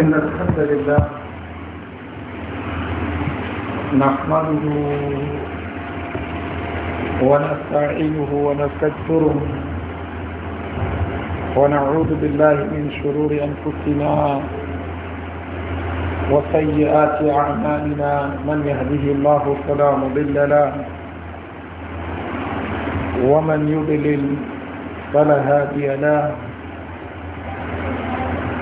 إن الحمد لله نحمده ونستعينه ونستكثره ونعوذ بالله من شرور أنفسنا وسيئات أعمالنا من يهده الله فلا مضل له ومن يضلل فلا هادي له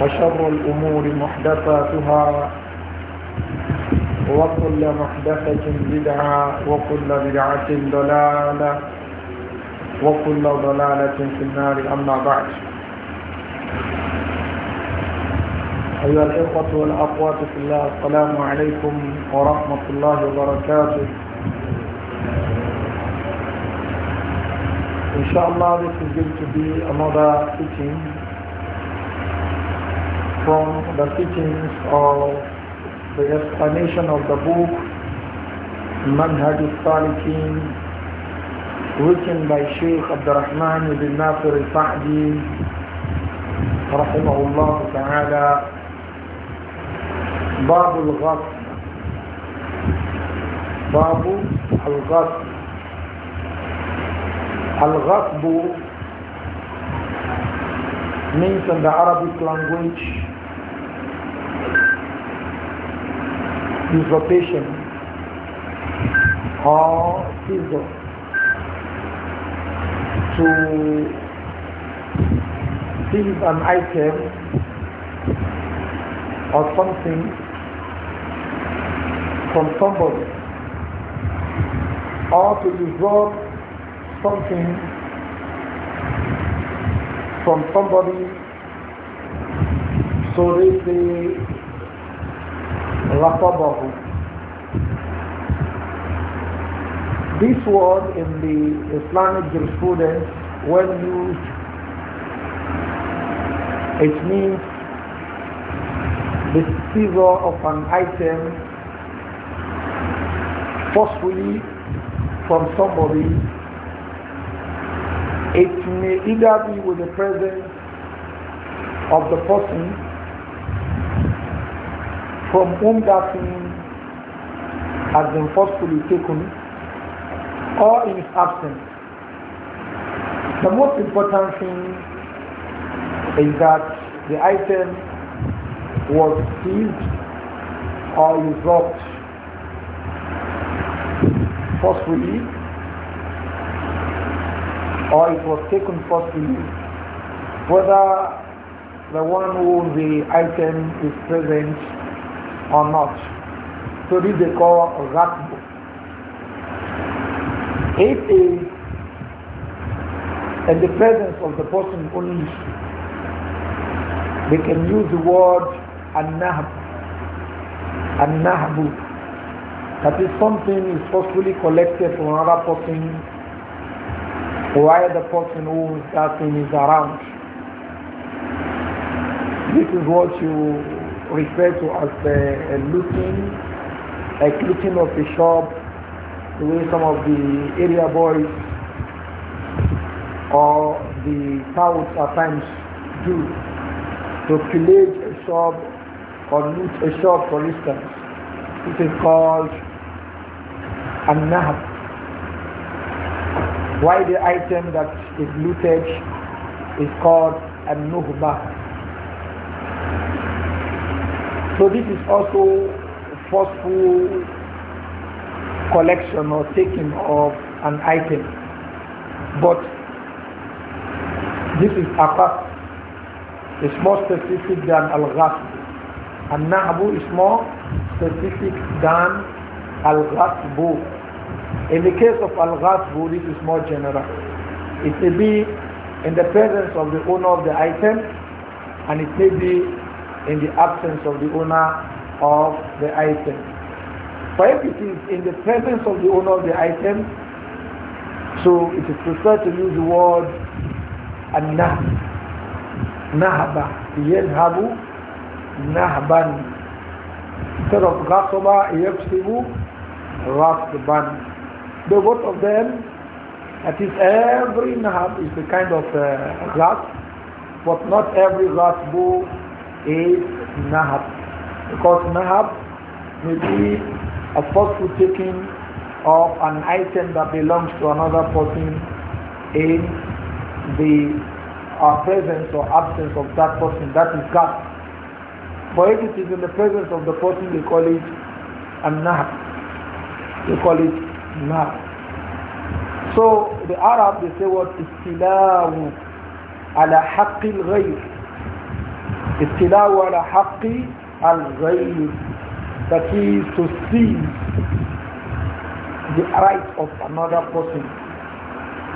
وشر الأمور محدثاتها وكل محدثة بدعة وكل بدعة ضلالة وكل ضلالة في النار أما بعد أيها الإخوة والأخوات في الله السلام عليكم ورحمة الله وبركاته Inshallah, this is going to be another teaching from the teachings of the explanation of the book Manhaj al-Salikin written by Sheikh Abdurrahman ibn Nasir al-Sa'di rahimahullah ta'ala باب al باب al الغصب means in the Arabic language dislocation or seizure to seize an item or something from somebody or to usurp something from somebody so they say رطبه This word in the Islamic jurisprudence when used it means the seizure of an item forcefully from somebody it may either be with the presence of the person from whom that thing has been forcefully taken or in his absence. The most important thing is that the item was seized or usurped forcefully or it was taken forcefully whether the one who the item is present or not. So this they call Rakbu. It is in the presence of the person only. They can use the word An-Nahb. An-Nahbu. is something is forcefully collected from another person while the person who is that thing is around. This is what you referred to as a, a looting, like looting of the shop, the way some of the area boys or the south at times do to pillage a shop or loot a shop for instance. is called an nahab. Why the item that is looted is called an nuhbah so this is also forceful collection or taking of an item. But this is aqas. It's more specific than al-ghasb. And nahbu is more specific than al-ghasbu. In the case of al-ghasbu, this is more general. It may be in the presence of the owner of the item, and it may be in the absence of the owner of the item. But if it is in the presence of the owner of the item, so it is preferred to use the word anah, nahaba, yelhabu, nahban. Instead of gassoba yabsibu, rasban. The both of them, that is every nahab is a kind of uh, but not every rasbu is nahab. Because nahab may be a forceful taking of an item that belongs to another person in the uh, presence or absence of that person. That is God. But if it is in the presence of the person, they call it a nahab. They call it nahab. So the Arab, they say what? Istilahu ala haqqil ghayr. Istilawu ala haqqi al-ghayb. That is to see the right of another person.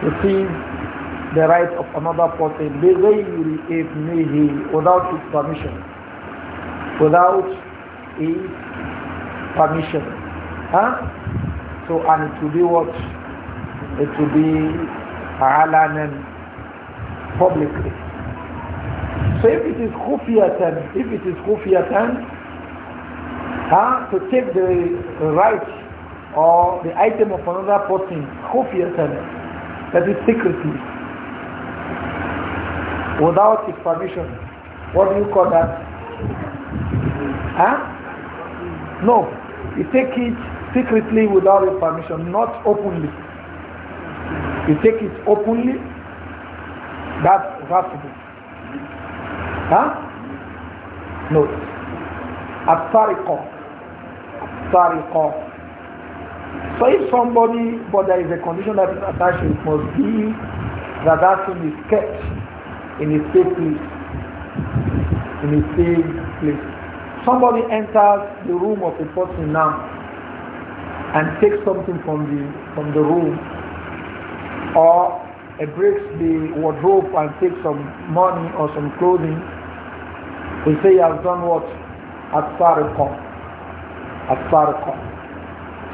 To see the right of another person. بِغَيْرِ إِذْنِهِ Without his permission. Without his permission. Huh? So, and it will be what? It will be alanan publicly. So if it is khufiyatan, if it is khufiyatan, huh, to take the right or the item of another person, khufiyatan, that is secretly, without his permission, what do you call that? Huh? No, you take it secretly without his permission, not openly. You take it openly, that's possible. Huh? No. At-tariqah. at So if somebody, but there is a condition that is attached, it must be that that thing is kept in a safe place. In a safe place. Somebody enters the room of a person now and takes something from the from the room or breaks the wardrobe and takes some money or some clothing we say he has done what? Asfarqa. Asfarqa.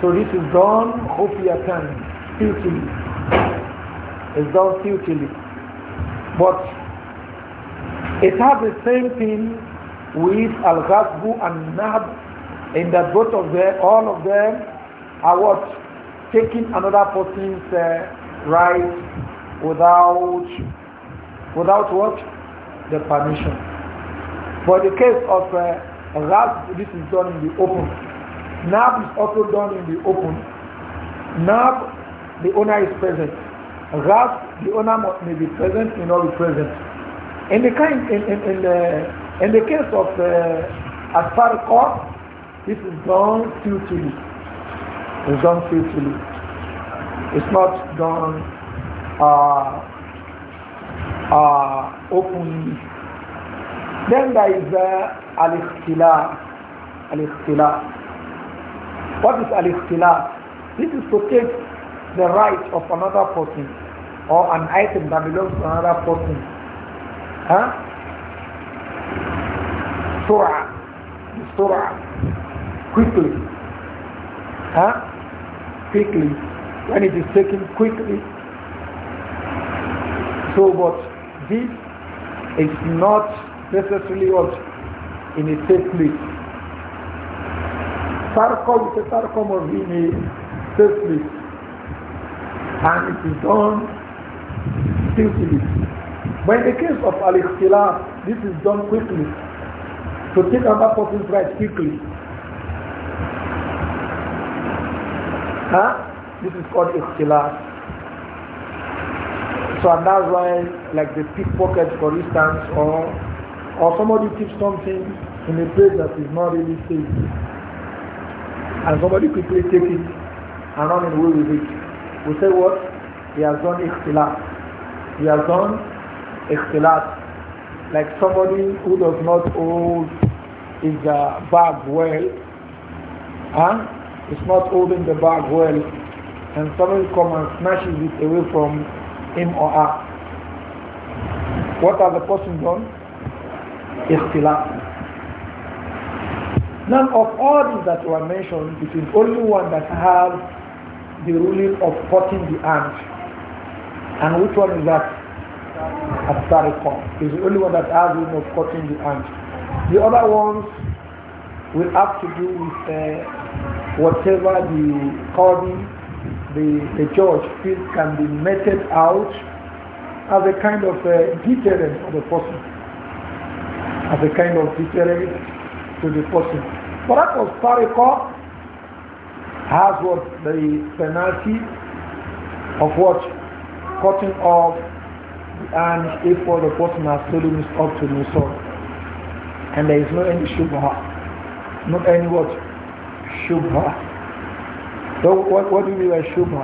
So this is done khufiyatan, futilely. It's done futilely. But it has the same thing with al-ghazbu and nab in that both of them, all of them are what? Taking another person's uh, right without, without what? The permission. For the case of uh, rap, this is done in the open. Nab is also done in the open. Nab, the owner is present. Rap, the owner may be present, may not be present. In the, kind, in, in, in the, in the case of uh, this is done futilely. It's done futilely. It's not done uh, uh, openly. Then there is uh, al whats is This is to take the right of another person or an item that belongs to another person. Huh? Surah. Surah. Quickly. Huh? Quickly. When it is taken quickly. So but this is not necessarily what? In a safe place. Sarcom is a sarcom of in a safe place. And it is done skillfully. But in the case of al this is done quickly. To so take another person's right quickly. Huh? This is called ikhtilaf. So and that's why like the pickpocket for instance or or somebody keeps something in a place that is not really safe. And somebody quickly take it and run away with it. We say what? He has done ikhtilat. He has done ikhtilat. Like somebody who does not hold his uh, bag well, huh? is not holding the bag well, and somebody come and snatches it away from him or her. What has the person done? ikhtilaf. Now of all these that were mentioned, it is only one that has the ruling of cutting the hand. And which one is that? at is the only one that has the ruling of cutting the hand. The other ones will have to do with uh, whatever the qadi, the, the judge feels can be meted out as a kind of uh, deterrent for the person as a kind of deterrent to the person. But that was Tariqah has what the penalty of what cutting off and if the person has stolen is up to the soul. And there is no any shubha, not any what shubha. So what, what do you mean by shubha?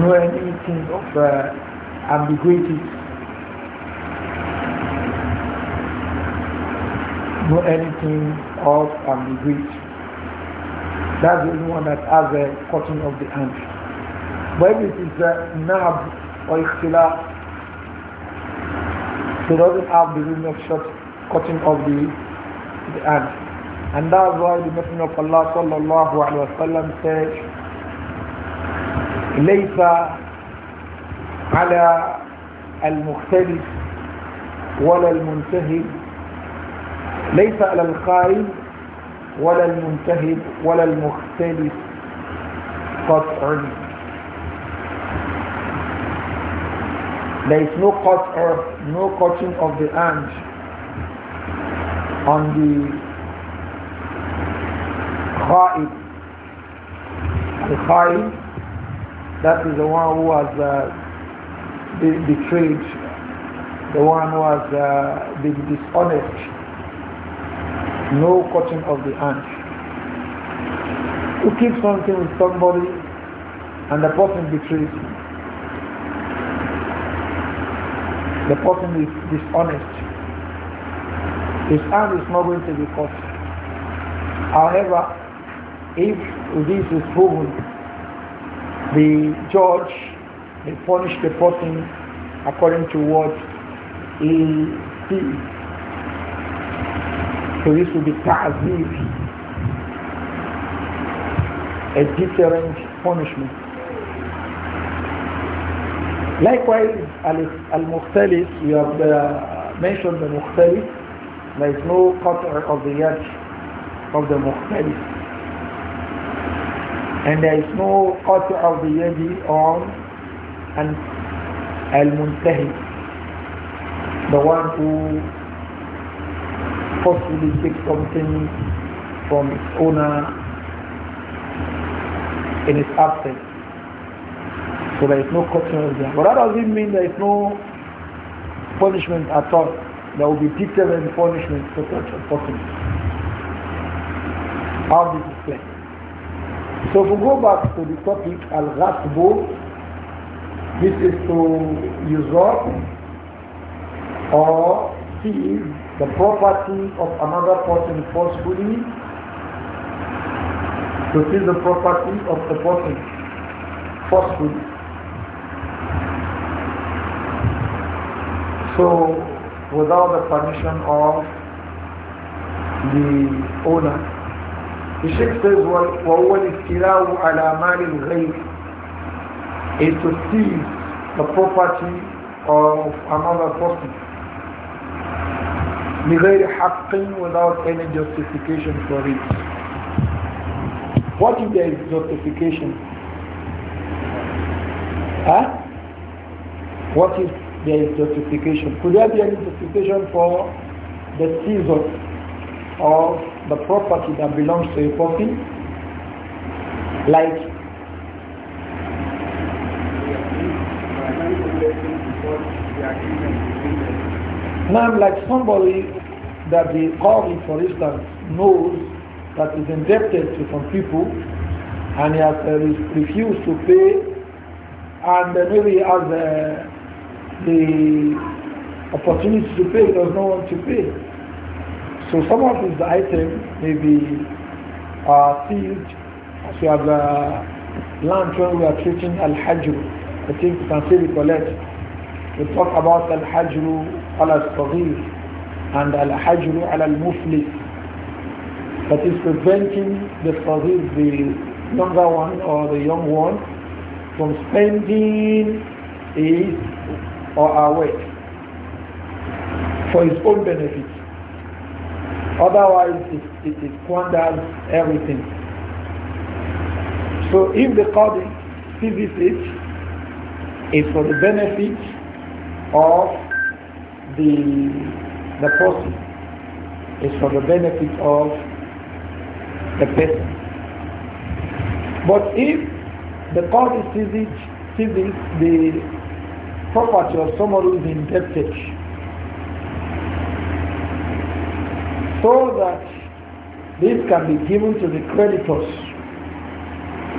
No anything of uh, ambiguity know anything of ambiguity. That's the only one that has a cutting of the hand. But if it is a uh, nab or ikhtilaf, so doesn't have the ruling of short cutting of the, the hand. And that's why the Messenger of Allah sallallahu alayhi wa sallam said, ليس على المختلف ولا المنتهي ليس على الخائن ولا المنتهب ولا المختلف قطعا There is no cut or no cutting of the hand on the khaib. The khaib, that is the one who has uh, betrayed, the one who has uh, been dishonest no cutting of the hand. Who keeps something with somebody and the person betrays you. The person is dishonest. His hand is not going to be cut. However, if this is proven, the judge may punish the person according to what he sees. This will be a different punishment. Likewise, al-mukhtalis, you have uh, mentioned the mukhtalis, there is no qatr of the yad of the mukhtalis. And there is no qatr of the yadi on and al-muntahi, the one who forcefully take something from its owner in its absence. So there is no corruption of there. But that doesn't mean there is no punishment at all. There will be different punishment for such a person. How this is clear. So if we go back to the topic Al-Ghasbu, this is to usurp or steal the property of another person forcefully, to steal the property of the person forcefully. So, without the permission of the owner. The Sheikh says, وَهُوَ الْإِسْتِلَاءُ عَلَى مَالِ الْغَيْرِ is to seize the property of another person. بغير حق without any justification for it. What if there is justification? Huh? What if there is justification? Could there be any justification for the seizure of the property that belongs to a person? Like now, like somebody that the Qadi, for instance, knows that is indebted to some people and he has uh, refused to pay and uh, maybe has uh, the opportunity to pay, he does not want to pay. So some of these items may be uh, seized as we have uh, learned when we are treating Al-Hajr. I think we can say we collect. We talk about Al-Hajr ala al and al-hajru ala al-muflis. That is preventing the saghir, the younger one or the young one, from spending his or her wealth for his own benefit. Otherwise, it, it, it squanders everything. So if the Qadi seizes it, it's for the benefit of the the person is for the benefit of the person. But if the court sees it, sees it, the property of someone who is indebted, so that this can be given to the creditors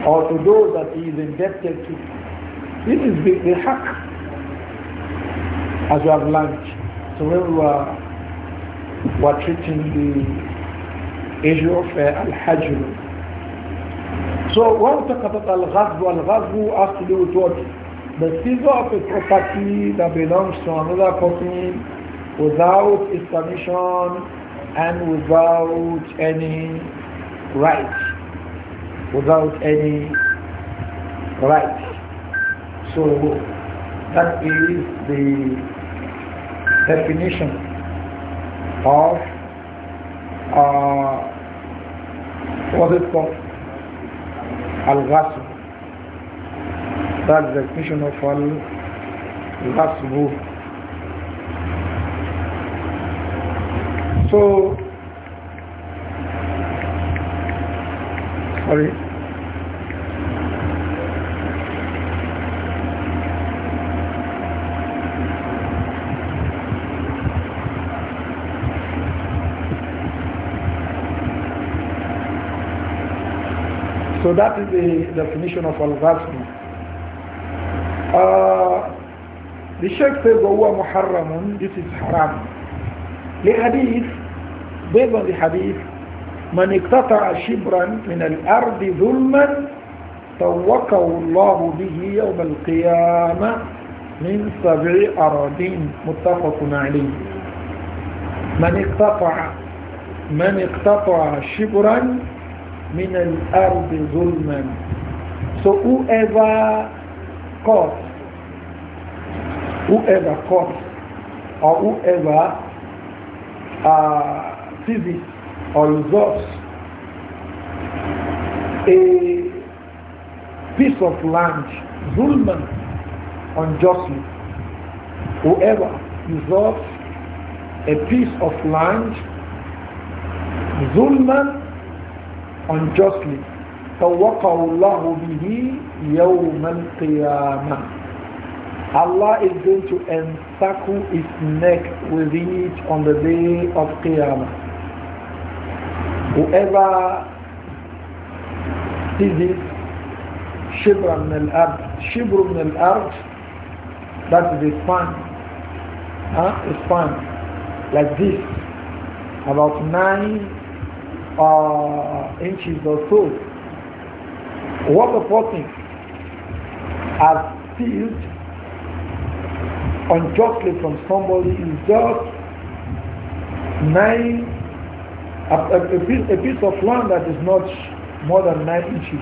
or to those that he is indebted to. This is the, the hack, as we have learned. So when we were, uh, were treating the issue of uh, Al-Hajj. So when we talk about Al-Ghazbu, Al-Ghazbu has to do with what? The seizure of a property that belongs to another person without its permission and without any right. Without any right. So that is the definition of uh, what is called al That's the definition of al-ghasb. So, sorry. So that is the definition of al-ghasl. Uh, the Sheikh says, وَهُوَ مُحَرَّمٌ This is haram. The hadith, based on the hadith, من اقتطع شبرا من الأرض ظلما توكه الله به يوم القيامة من سبع أراضين متفق عليه من اقتطع من اقتطع شبرا min al-ardi zulman. So whoever caught, whoever caught, or whoever uh, sees it or results a piece of land, zulman, unjustly, whoever usurps a piece of land, zulman, unjustly فوقه الله به يوم القيامة Allah is going to encircle his neck with it on the day of Qiyamah. Whoever sees this, Shibr min al-Ard, Shibr min al-Ard, that is a span, huh? a span, like this, about nine uh, inches or so. What the person has seized unjustly from somebody is just nine, a, a, a, piece, a piece of land that is not more than nine inches.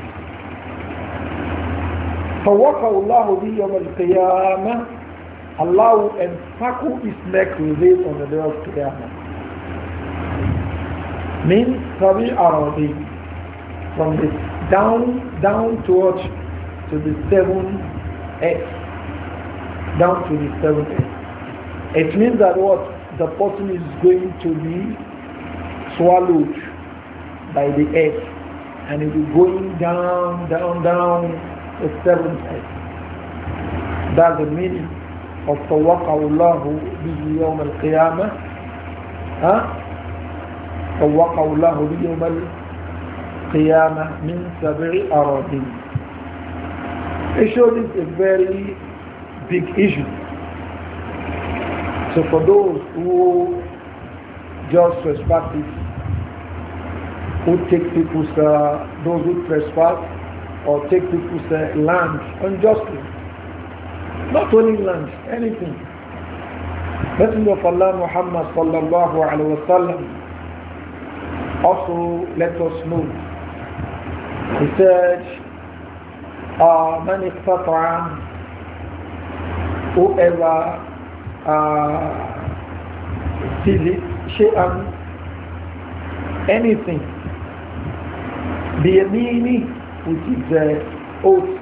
فوقع الله به يوم القيامة Allah will encircle his neck with it on the day of Qiyamah means Rabi Arabi from the down down towards to the seven S down to the seven S. It means that what the person is going to be swallowed by the S and it is going down down down the seven S. That's the meaning of توقع الله به يوم Qiyamah, huh? فوقه الله يوم القيامة من سبع أراضين Issue is a very big issue. So for those who just respect it, who take people's, uh, those who trespass or take people's uh, land unjustly, not only land, anything. Messenger of Allah Muhammad sallallahu alaihi wasallam also let us know. He said, uh, Man whoever ah, sees it, shay'an, anything, be a meaning which is the uh, oath.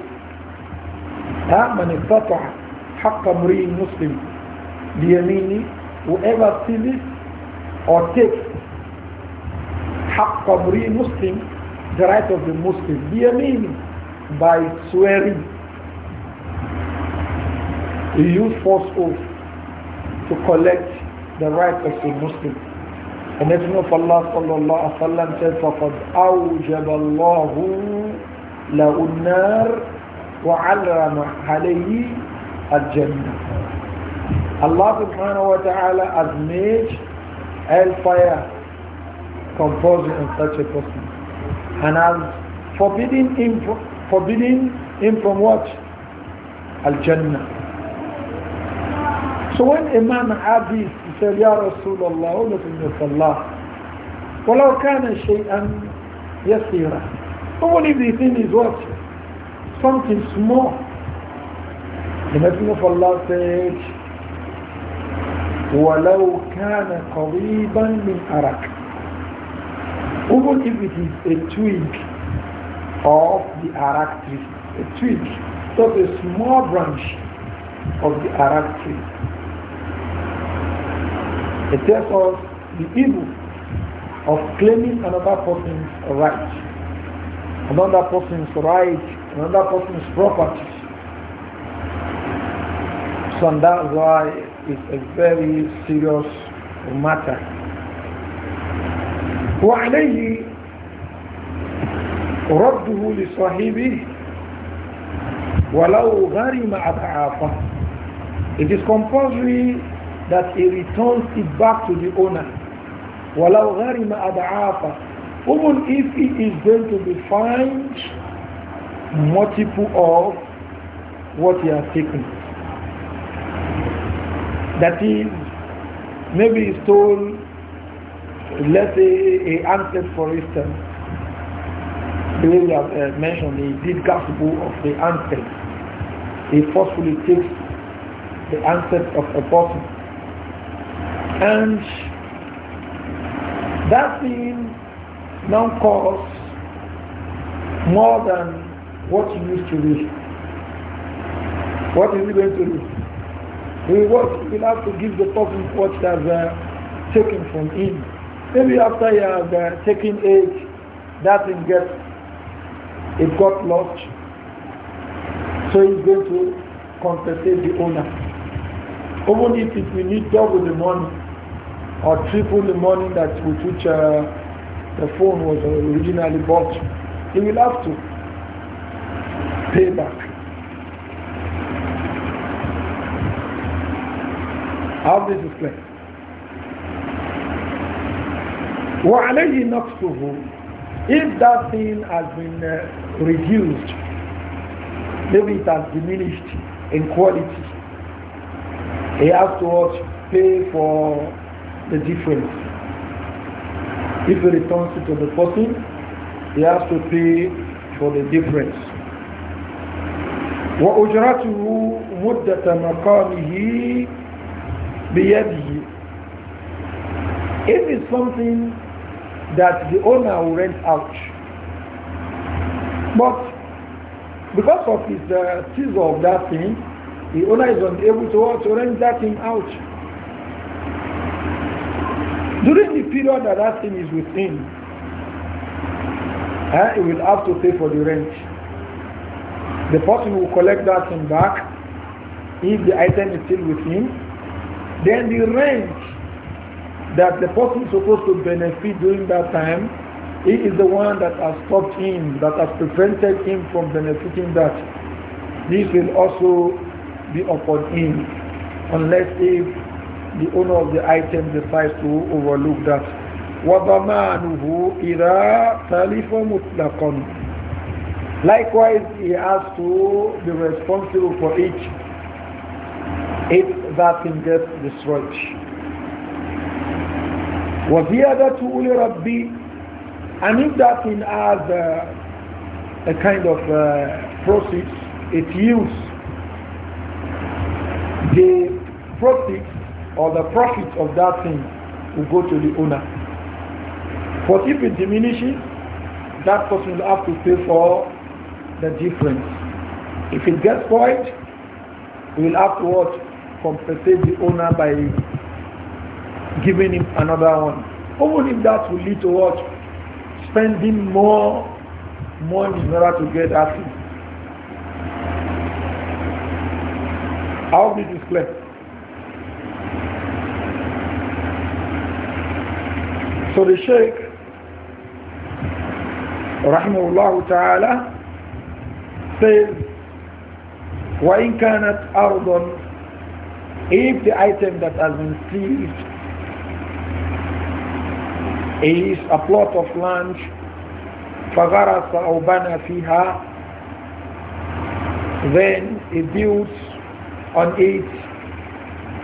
Ah, many iqtata'a haqqa muslim, be a whoever sees it or takes حق مسلم the right of the Muslim بيمين by swearing he used false oath to collect the right of the Muslim and that's of Allah sallallahu alaihi wasallam said فقد أوجب الله له النار وعلم عليه الجنة Allah subhanahu wa ta'ala has made hellfire compulsory on such a person. And I'm forbidding him, forbidding him from what? Al-Jannah. So when a man had this, he said, Ya Rasulullah, O Messenger of Allah, وَلَوْ كَانَ شَيْئًا يَسِيرًا Even if the thing is what? Something small. The Messenger of Allah said, وَلَوْ كَانَ قَرِيبًا مِنْ أَرَكَ even if it is a twig of the arak tree, a twig, just a small branch of the arak tree. It tells us the evil of claiming another person's right, another person's right, another person's property. So that's why it's a very serious matter. وعليه رده لصاحبه ولو غرم أضعافه It is compulsory that he returns it back to the owner. ولو غرم أضعافه Even if he is going to be fined multiple of what he has taken. That is, maybe he stole Let's say ancestors, for instance, the way we have uh, mentioned, the did gospel of the ancestors, He forcefully takes the ancestors of a person. And that thing now costs more than what he used to be. What is he going to do? We will have to give the person what has uh, taken from him. Maybe after you have uh, taken age, that thing gets, it got lost. So he's going to compensate the owner. Even if it will need double the money or triple the money that with which uh, the phone was originally bought, he will have to pay back. How this is clear. وَعَلَيْهِ نَقْصُهُ If that thing has been uh, reduced, maybe it has diminished in quality, he has to pay for the difference. If he returns it to the person, he has to pay for the difference. وأجرته مدة مقامه بيده if it's something that the owner will rent out. But because of his uh, seizure of that thing, the owner is unable to, to rent that thing out. During the period that that thing is with him, eh, he will have to pay for the rent. The person will collect that thing back if the item is still with him. Then the rent that the person supposed to benefit during that time, he is the one that has stopped him, that has prevented him from benefiting that. This will also be upon him, unless if the owner of the item decides to overlook that. إِذَا تَلِفَ Likewise, he has to be responsible for each if that thing gets destroyed two أُولِ رَبِّي And if that thing has uh, a kind of uh, process, it yields the profit or the profit of that thing will go to the owner. But if it diminishes, that person will have to pay for the difference. If it gets void, we will have to what? compensate the owner by giving him another one. Even if that will lead to what? Spending more money in order to get that. How did this play? So the Sheikh, Rahimullah ta'ala, says, وَإِنْ كَانَتْ أَرْضًا If the item that has been seized is a plot of land فَغَرَسَ أَوْ بَنَى فِيهَا Then he builds on it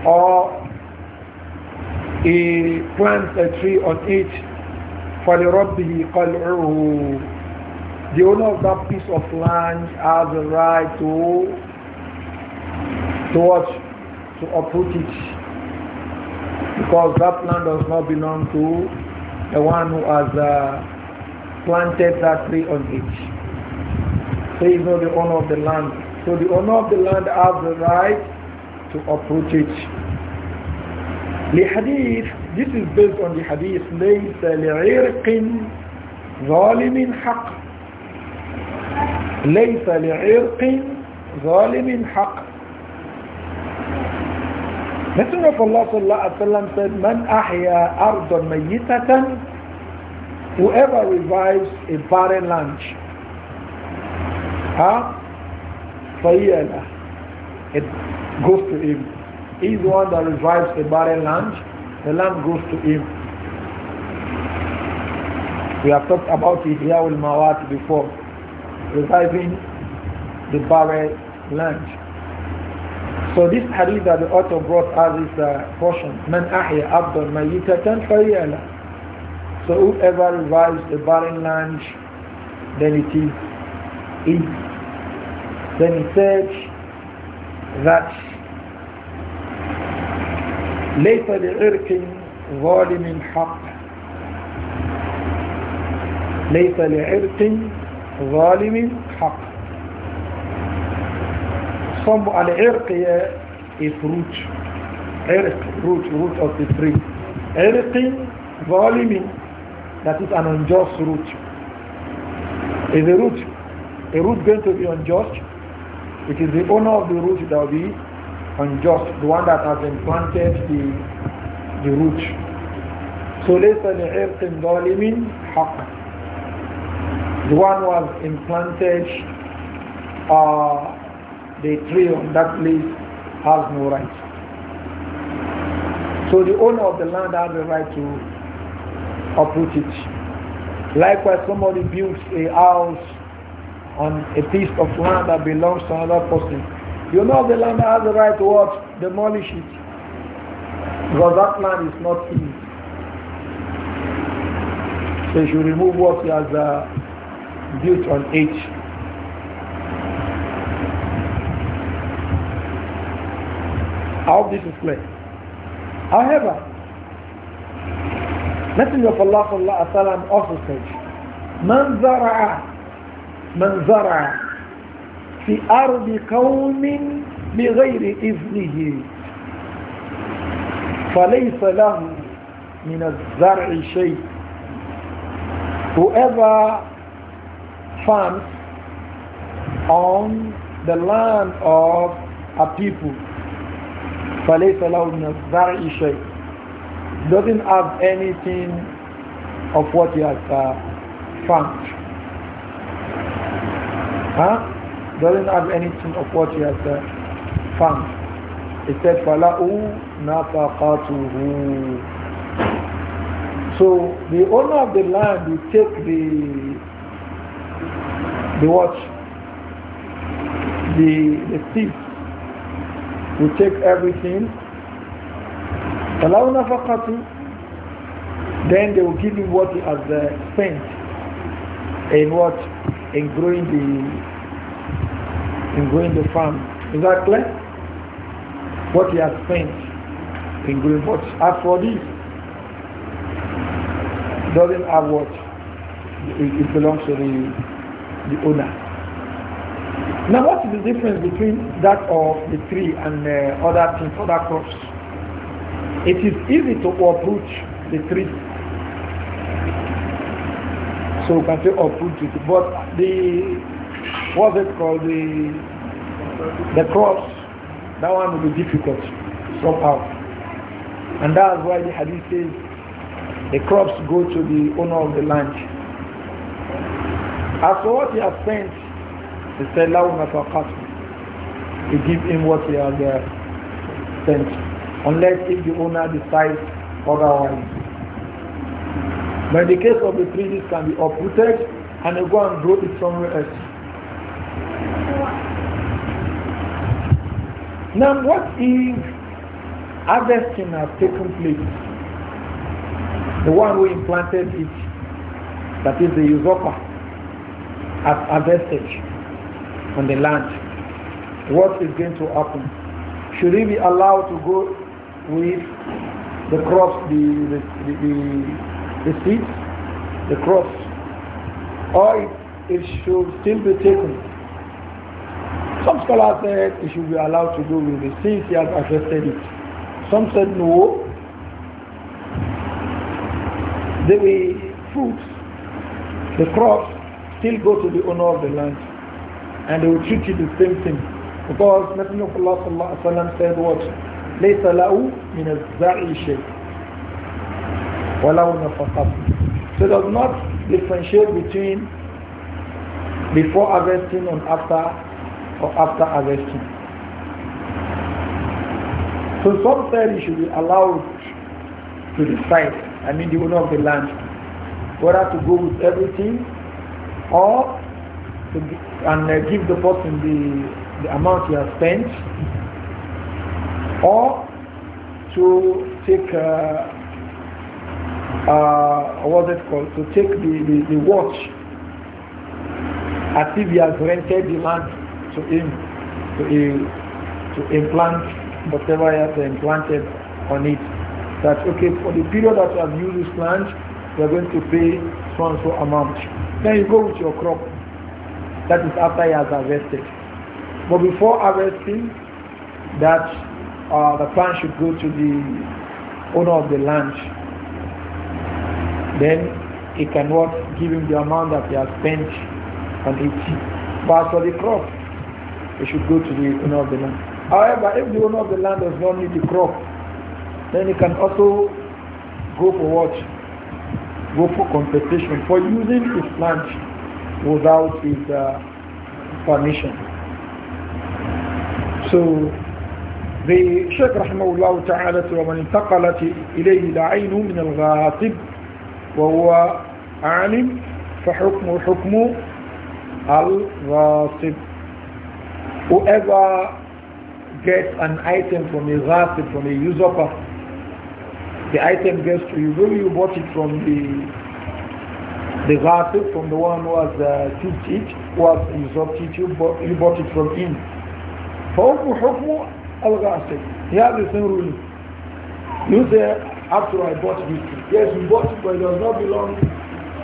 or he plants a tree on it فَلِرَبِّهِ قَلْعُهُ The owner of that piece of land has the right to to what? To uproot it because that land does not belong to the one who has uh, planted that tree on it. He is not the owner of the land. So the owner of the land has the right to uproot it. The hadith, this is based on the hadith, ليس لعرق ظالم حق ليس لعرق ظالم حق Messenger of Allah said, "Man ahya ardon mayyitatan, whoever revives a barren land, ha? Fayala, it goes to him. He's the one that revives a barren land. The land goes to him. We have talked about here with mawat before, reviving the barren land. So this hadith that the author brought us is uh, portion, Man ahya abdan mayyitatan fayyala. So whoever revives the barren land, then it is his. Then he said that ليس لعرق ظالم حق ليس لعرق ظالم حق from al-irq here is root. Irq, root, root of the tree. Irqin, volume, that is an unjust root. Is a root, a root going to be unjust? It is the owner of the root that will be unjust, the one that has implanted the, the root. So ليس لعرق ظالم حق the one who has implanted uh, the tree on that place has no right. So the owner of the land has the right to uproot it. Likewise, somebody builds a house on a piece of land that belongs to another person. You know the land has the right to what? Demolish it. Because that land is not his. So you should remove what he has uh, built on it. how this is clear. However, Messenger of Allah sallallahu alaihi wasallam also said, من زرع man zara'a fi ardi qaumin بغير إذنه فليس له من الزرع شيء whoever farms on the land of a people فَلَيْسَ لَهُ مِنَ الزَّرْعِ شَيْءٍ doesn't have anything of what he has uh, found. Huh? Doesn't have anything of what he has uh, found. It said, فَلَهُ نَفَقَاتُهُ so the owner of the land will take the the watch, the the thief we take everything. an نَفَقَةُ Then they will give him what he has uh, spent in what? In growing the in growing the farm. Is that clear? What he has spent in growing what? as for this doesn't have what it belongs to the the owner. Now, what is the difference between that of the tree and uh, other things, other crops? It is easy to uproot the tree. So we can say uproot it. But the, what's it called, the, the crops, that one will be difficult somehow. And that's why the hadith says the crops go to the owner of the land. As for what he has said. He said, لَوْ نَفَقَتْهُ to give him what he has uh, Unless if the owner decides otherwise. But in the case of the tree, this can be uprooted and they go and grow it somewhere else. Now what if harvesting has taken place? The one who implanted it, that is the usurper, has harvested on the land, what is going to happen? Should he be allowed to go with the crops, the, the, the, the, seeds, the crops, or it, should still be taken? Some scholars said it should be allowed to go with the seeds, he has accepted it. Some said no, the fruits, the crops still go to the owner of the land and they will treat you the same thing. Because Messenger of Allah said what? لَيْسَ لَهُ مِنَ الزَّعِي شَيْءٍ وَلَهُ نَفَقَةٌ So does not differentiate between before harvesting and after or after harvesting. So some said you should be allowed to decide, I mean the owner of the land, whether to go with everything or and uh, give the person the, the amount he has spent or to take uh, uh, what's it called to take the, the, the watch as if he has rented the land to him to, uh, to implant whatever he has implanted on it that okay for the period that you have used this land you are going to pay so and so amount then you go with your crop that is after he has arrested. But before arresting, that uh, the plant should go to the owner of the land. Then he cannot give him the amount that he has spent on it. But for the crop, it should go to the owner of the land. However, if the owner of the land does not need the crop, then he can also go for what? Go for compensation for using his plant without his uh, permission. So the Shaykh Rahimahullah Ta'ala ومن انتقلت إليه العين من الغاطب وهو عالم فحكم حكم الغاطب Whoever gets an item from a ghasib, from a usurper, the item gets to you, though you bought it from the the ghasib from the one who has uh, tubed it, who has usurped it, you bought, you bought it from him. فَحُكْمُ حُكْمُ الْغَاسِب He has the same ruling. You say, after I bought this thing. Yes, you bought it, but it does not belong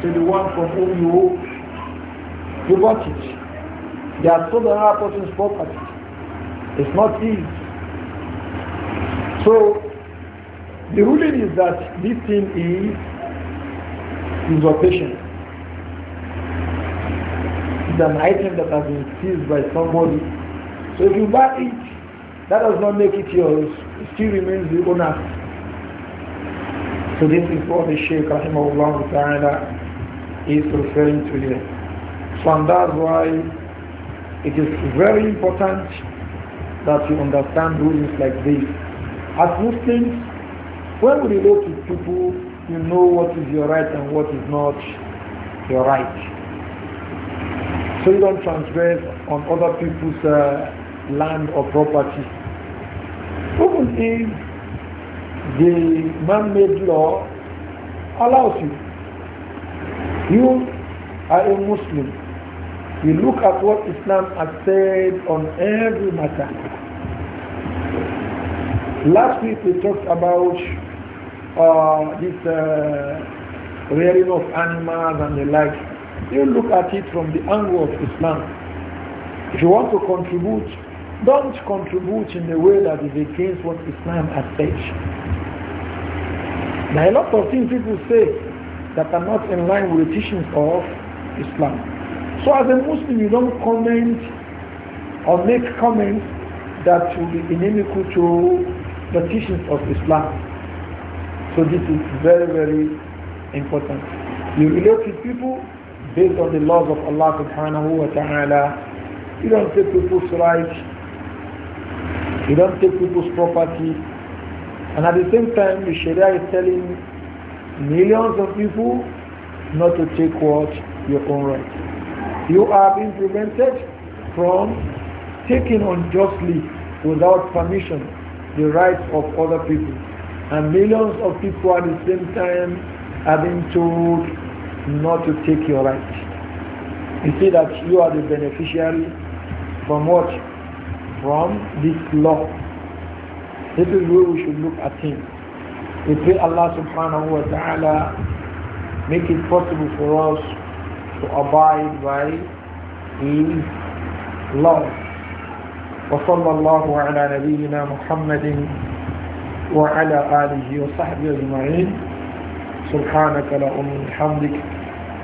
to the one from whom you, you bought it. there are stolen other person's property. It's not his. So, the ruling is that this thing is usurpation is an item that has been seized by somebody. So if you buy it, that does not make it yours. It still remains the owner. So this is what the Shaykh Rahimahullah Ta'ala is referring to here. So and that's why it is very important that you understand rules like this. As Muslims, when we relate to people, you know what is your right and what is not your right. So you don't transgress on other people's uh, land or property. Even if the man-made law allows you, you are a Muslim. You look at what Islam has said on every matter. Last week we talked about uh, this uh, rearing of animals and the like you look at it from the angle of Islam. If you want to contribute, don't contribute in a way that is against what Islam has said. There are a lot of things people say that are not in line with the teachings of Islam. So as a Muslim, you don't comment or make comments that will be inimical to the teachings of Islam. So this is very, very important. You relate with people based on the laws of Allah subhanahu wa ta'ala. You don't take people's rights. You don't take people's property. And at the same time, the Sharia is telling millions of people not to take what? Your own rights. You are being prevented from taking unjustly without permission the rights of other people. And millions of people at the same time are being told not to take your right. You see that you are the beneficiary from what? From this law. This is where we should look at him. We pray Allah subhanahu wa ta'ala make it possible for us to abide by His law. وصلى الله على نبينا محمد وعلى آله وصحبه أجمعين سبحانك لهم حمدك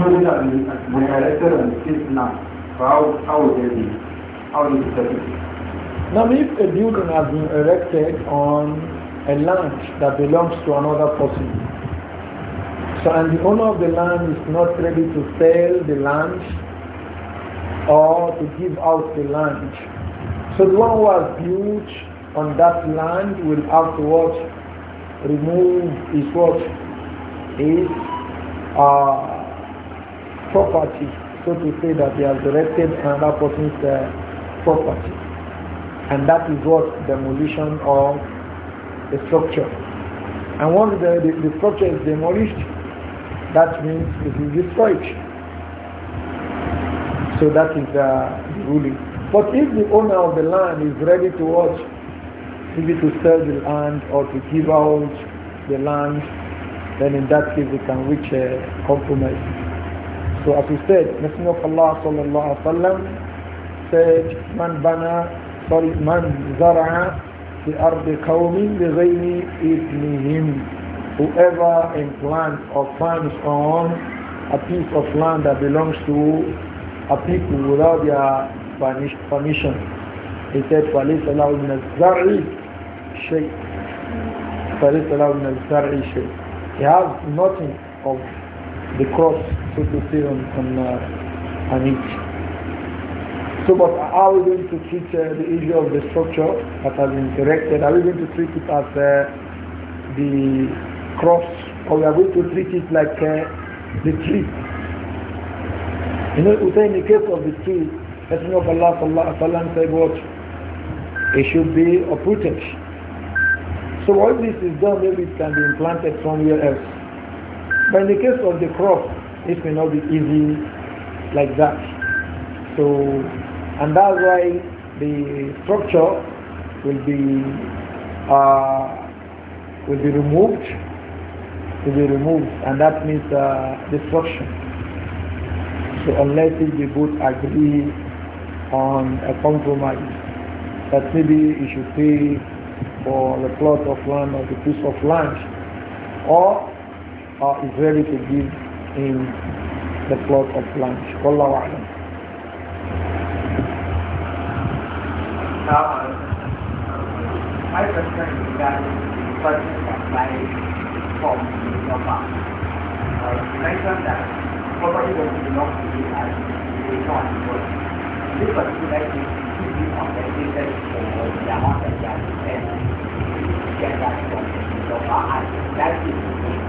are on now, so how, how would they be? How it Now, if a building has been erected on a land that belongs to another person, so and the owner of the land is not ready to sell the land or to give out the land, so the one who has built on that land will what remove his what? His uh, property, so to say that they have directed another person's uh, property. And that is what demolition of a structure. And once the, the, the structure is demolished, that means it is destroyed. So that is uh, the ruling. But if the owner of the land is ready to what? Maybe to sell the land or to give out the land, then in that case we can reach a compromise. So as we said, Messenger of Allah sallallahu alaihi wasallam said, "Man bana, sorry, man zara'a fi ardi qawmin bi ghayri ibnihim." Whoever implants or plants on a piece of land that belongs to a people without their permission, he said, "فليس له من الزرع شيء." فليس له من الزرع شيء. He has nothing of the cross, so to say, on, on, uh, on So, but are we going to treat uh, the issue of the structure that has been erected? Are we going to treat it as uh, the cross, or we are going to treat it like uh, the tree? You know, we say in the case of the tree, Messenger of Allah sallallahu alaihi said what? It should be uprooted. So all this is done, maybe it can be implanted somewhere else. But in the case of the crop, it may not be easy like that. So, and that's why the structure will be uh, will be removed, will be removed, and that means uh, destruction. So unless if both agree on a compromise, that maybe you should pay for the plot of land or the piece of land, or is ready to give in the plot of lunch. Wallahu a'lam. My question is regarding the purchase of my home in Nepal. you mentioned that property was belong to me as the not work. This particular is completely compensated for the amount that they are spending to get that from Nepal. And that is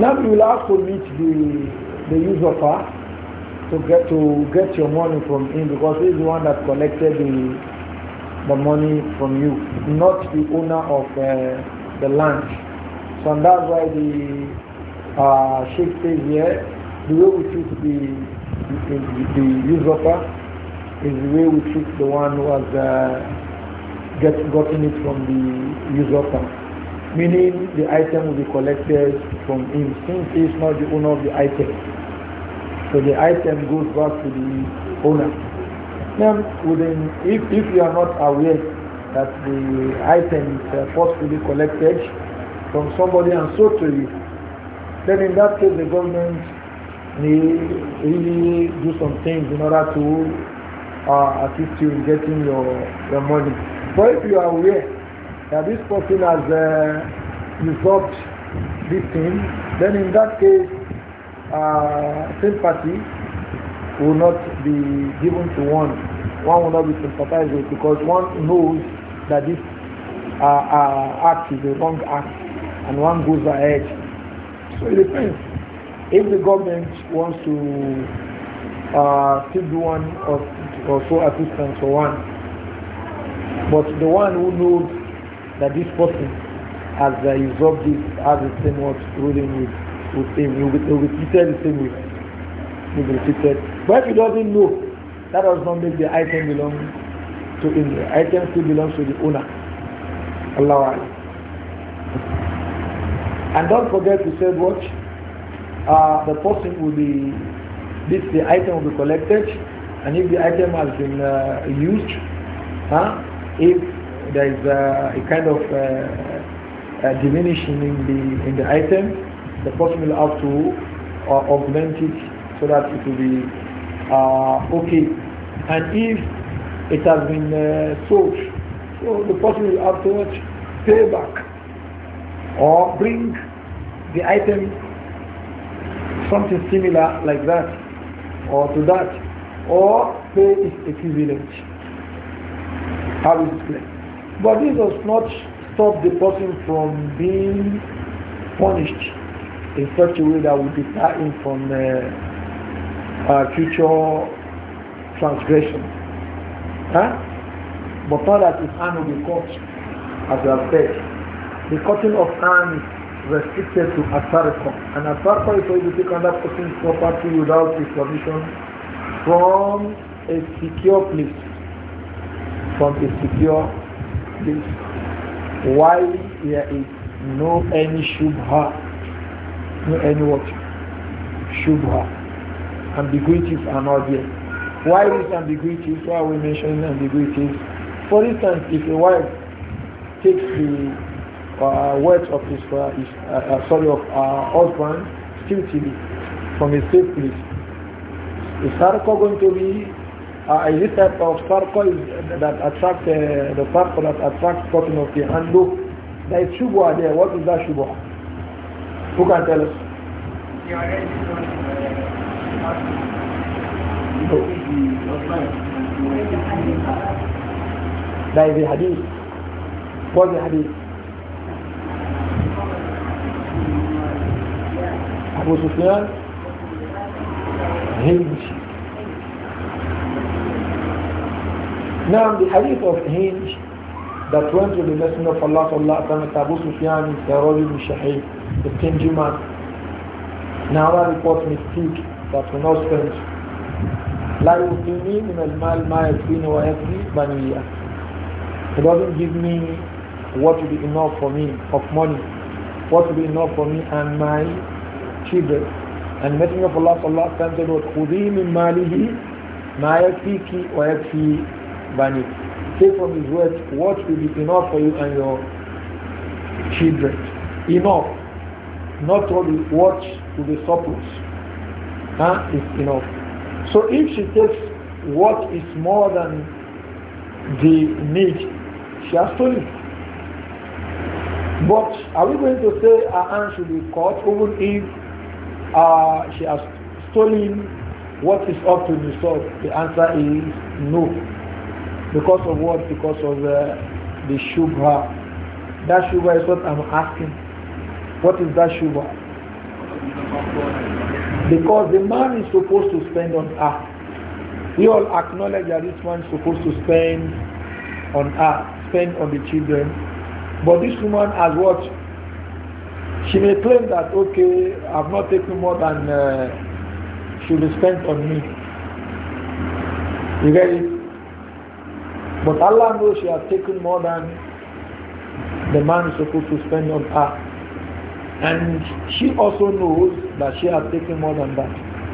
Now you will have to meet the, the part to get, to get your money from him because he's the one that collected the, the money from you, not the owner of uh, the land. So that's why the uh, Sheikh says here, the way we treat the, the, the usurper is the way we treat the one who has uh, get, gotten it from the usurper meaning the item will be collected from him since he is not the owner of the item. So the item goes back to the owner. Then, within, if, if you are not aware that the item is uh, forcefully collected from somebody and sold to you, then in that case the government may really do some things in order to uh, assist you in getting your, your money. But if you are aware that this person has uh, usurped this thing, then in that case, uh, sympathy will not be given to one. One will not be sympathized with because one knows that this uh, uh, act is a wrong act and one goes ahead. So it depends. If the government wants to uh, give one or, or so assistance for one, but the one who knows that this person has uh, this, has the same words ruling with, with him. He will be treated the same way. He will be treated. But if he doesn't know, that does not make the item belong to him. The item still belongs to the owner. Allah Allah. And don't forget to say what uh, the person will be, this the item will be collected and if the item has been uh, used, huh, if there is a, a kind of uh, diminishing in the in the item, the person will have to uh, augment it so that it will be uh, okay. And if it has been uh, sold, so the person will have to pay back or bring the item something similar like that or to that or pay its equivalent. How is it played? But this does not stop the person from being punished in such a way that would deter him from uh, uh, future transgression. Huh? But not that his hand will be caught, as I said. The cutting of hand restricted to asarqa. And asarqa is able to take another person's property without his permission from a secure place. From a secure this there is no any shubha, no any what? Shubha. Ambiguities are not there. Why is ambiguities? Why are we mentioning ambiguities? For instance, if a wife takes the uh, words of his, uh, his uh, uh sorry, of uh, husband stealthily from a safe place, is Sarko going to be uh, is this type of sarqa that attract uh, the sarqa that attracts cotton of the handle? There is shubha there. What is that shubha? Who can tell us? Uh, no. That is the hadith. What is the hadith? Abu Sufyan? Hinge. Now the hadith of Hinj that went to the Messenger of Allah sallallahu alaihi wasallam Abu Sufyan is the Rajul Shahid, the Tenjuman. Now that report mystique that we not spend. لا يعطيني من المال ما يكفيني ويكفي بنية. He doesn't give me what will be enough for me of money, what will be enough for me and my children. And Messenger of Allah sallallahu alaihi wasallam said, خذي من ماله ما يكفيك ويكفي Bani. Take from his words what will be enough for you and your children. Enough. Not only what will be surplus. Huh? It's enough. So if she takes what is more than the need, she has stolen. But are we going to say her hand should be caught even if uh, she has stolen what is up to the soul? The answer is no. Because of what? Because of uh, the shubha. That shubha is what I'm asking. What is that shubha? Because the man is supposed to spend on earth. We all acknowledge that this man is supposed to spend on earth, spend on the children. But this woman has what? She may claim that, okay, I've not taken more than uh, will spend on me. You get it? But Allah knows she has taken more than the man is supposed to spend on her. And she also knows that she has taken more than that.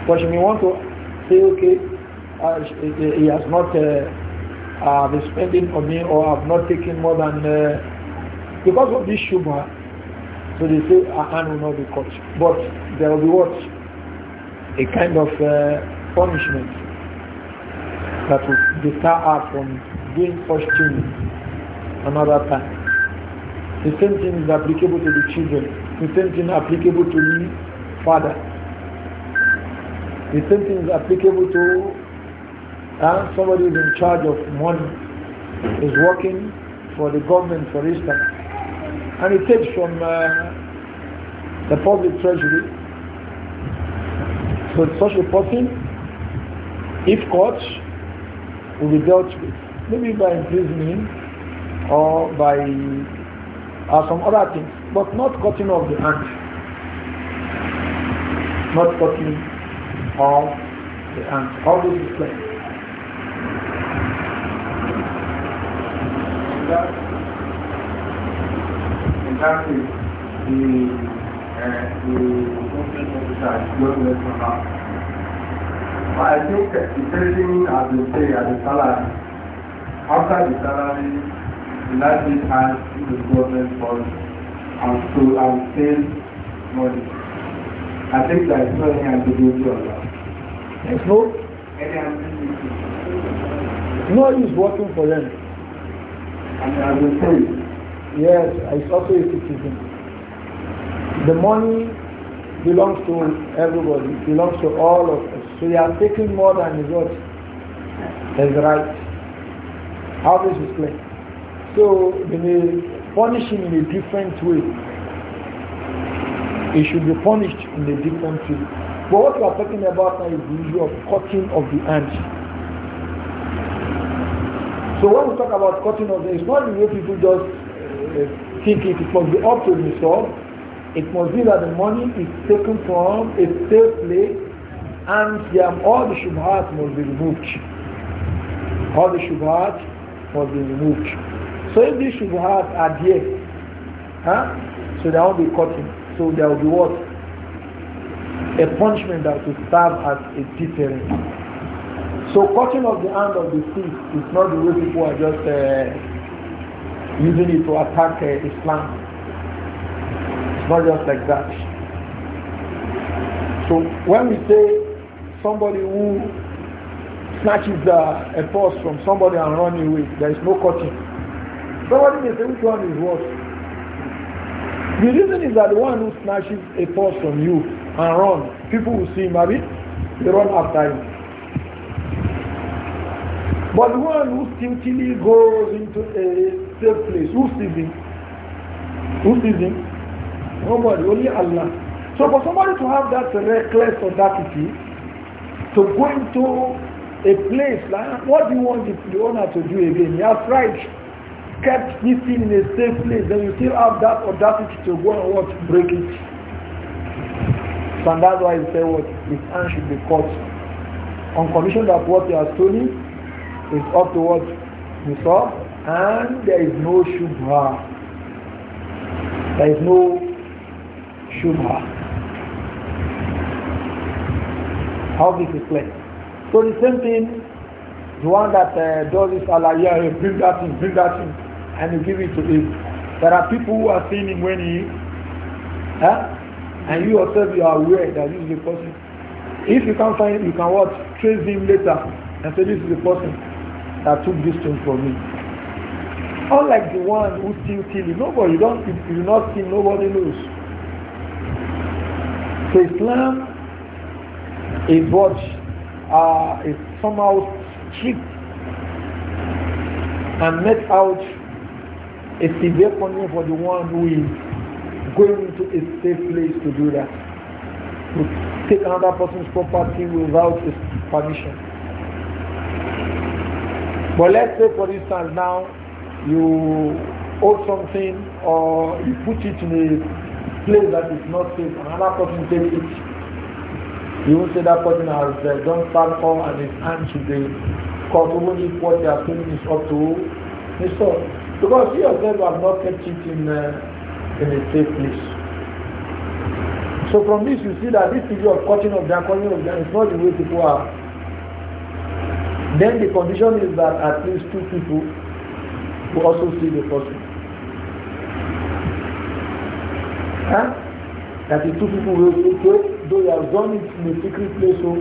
But she may want to say, okay, uh, he has not uh, uh, been spending on me or I've not taken more than, uh, because of this shuba." so they say a ah, hand will not be cut. But there will be what? A kind of uh, punishment that will deter her from doing fasting another time. The same thing is applicable to the children. The same thing is applicable to the father. The same thing is applicable to uh, somebody who is in charge of money, is working for the government, for instance. And it takes from uh, the public treasury. So such a person, if caught, will be dealt with maybe by imprisoning or by uh, some other things, but not cutting off the hand. Not cutting off the hand. How does it play? In that case, the, uh, the movement of the side, not less than I think the training, as you say, as a salary, after the salary, the likely has the government funds and so money. I think that is no any ambiguity on that. There's no any ambiguity. No use working for them. And I will say Yes, it's also a citizen. The money belongs to everybody, It belongs to all of us. So you are taking more than is what is right. How this is clear. So they may punish him in a different way. He should be punished in a different way. But what we are talking about now is the issue of cutting of the hand. So when we talk about cutting of the it's not the way people just uh, think it, it must be up to himself. It must be that the money is taken from a safe place and all the shubhat must be removed. All the shubhat must be removed. So if they should have there, huh? so they won't be cutting. So there will be what? A punishment that will serve as a deterrent. So cutting off the hand of the thief is not the way people are just uh, using it to attack uh, Islam. It's not just like that. So when we say somebody who snatches uh, a purse from somebody and runs away. There is no cutting. Somebody may say, which one is worse? The reason is that the one who snatches a purse from you and runs, people will see him, maybe they run after him. But the one who stiltily goes into a safe place, who sees him? Who sees him? Nobody, only Allah. So for somebody to have that reckless audacity, to go into a place like what do you want the, owner to do again? He has right kept this thing in a safe place, then you still have that audacity to go and what break it. So and that's why he said what his hand should be cut. On condition that what you are stolen is up to what you saw and there is no shubha. There is no shubha. How this is played. So the same thing, the one that uh, does this Allah, yeah, bring that in, bring that in, and you give it to him. There are people who are seeing him when he, huh? and you yourself you are aware that this is the person. If you can't find him, you can what? Trace him later and say this is the person that took this thing from me. Unlike the one who still stealing, nobody you don't you not steal, nobody knows. So Islam is what uh, is somehow stripped and make out a severe punishment for the one who is going to a safe place to do that. To take another person's property without his permission. But let's say for instance now you owe something or you put it in a place that is not safe, another person takes it you will say that person has uh, done sadaqah and his hand today. Because cut even if what they are doing is up to his Because he yourself have not kept it in, uh, in a safe place. So from this you see that this issue of cutting of the cutting of is not the way people are. Then the condition is that at least two people will also see the person. Huh? That the two people will see pray though he has done it in a secret place, so, oh,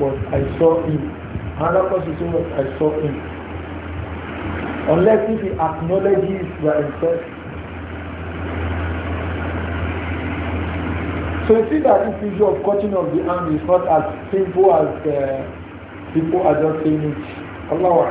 but I saw him. Another person said, but I saw him. Unless if he acknowledges by himself. So you see that this issue of cutting off the arm is not as simple as uh, people are just saying it. Allah.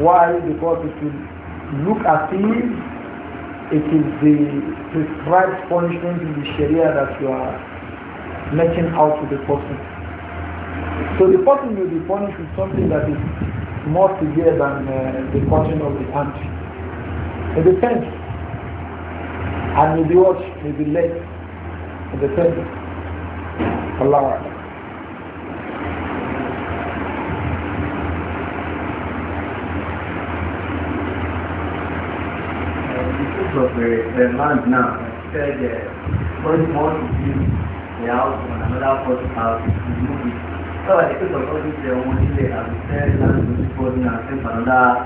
Why? Because if you look at it, it is the prescribed punishment in the Sharia that you are letting out to the person. So the person will be punished with something that is more severe than uh, the punishment of the hand. In the sense, and watched, what? be less. In the sense, Allah. of now said uh, the house another house to move it. So I think of all this I will sell and another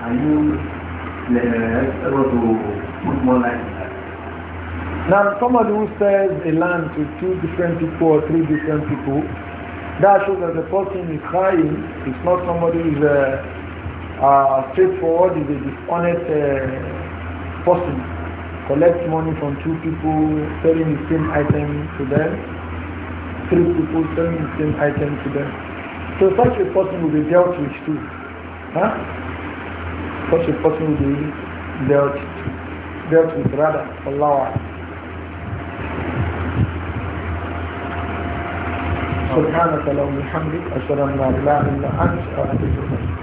Are you uh, able to put more in that? Now somebody who sells a land to two different people or three different people, that shows that the person is crying, it's not somebody who is uh, uh, straightforward, is a dishonest uh, person collect money from two people selling the same item to them, three people selling the same item to them. So such a person will be dealt with too. Huh? Such a person will be dealt, dealt with rather, Allah. سبحانك اللهم وبحمدك أشهد أن لا إله إلا أنت أستغفرك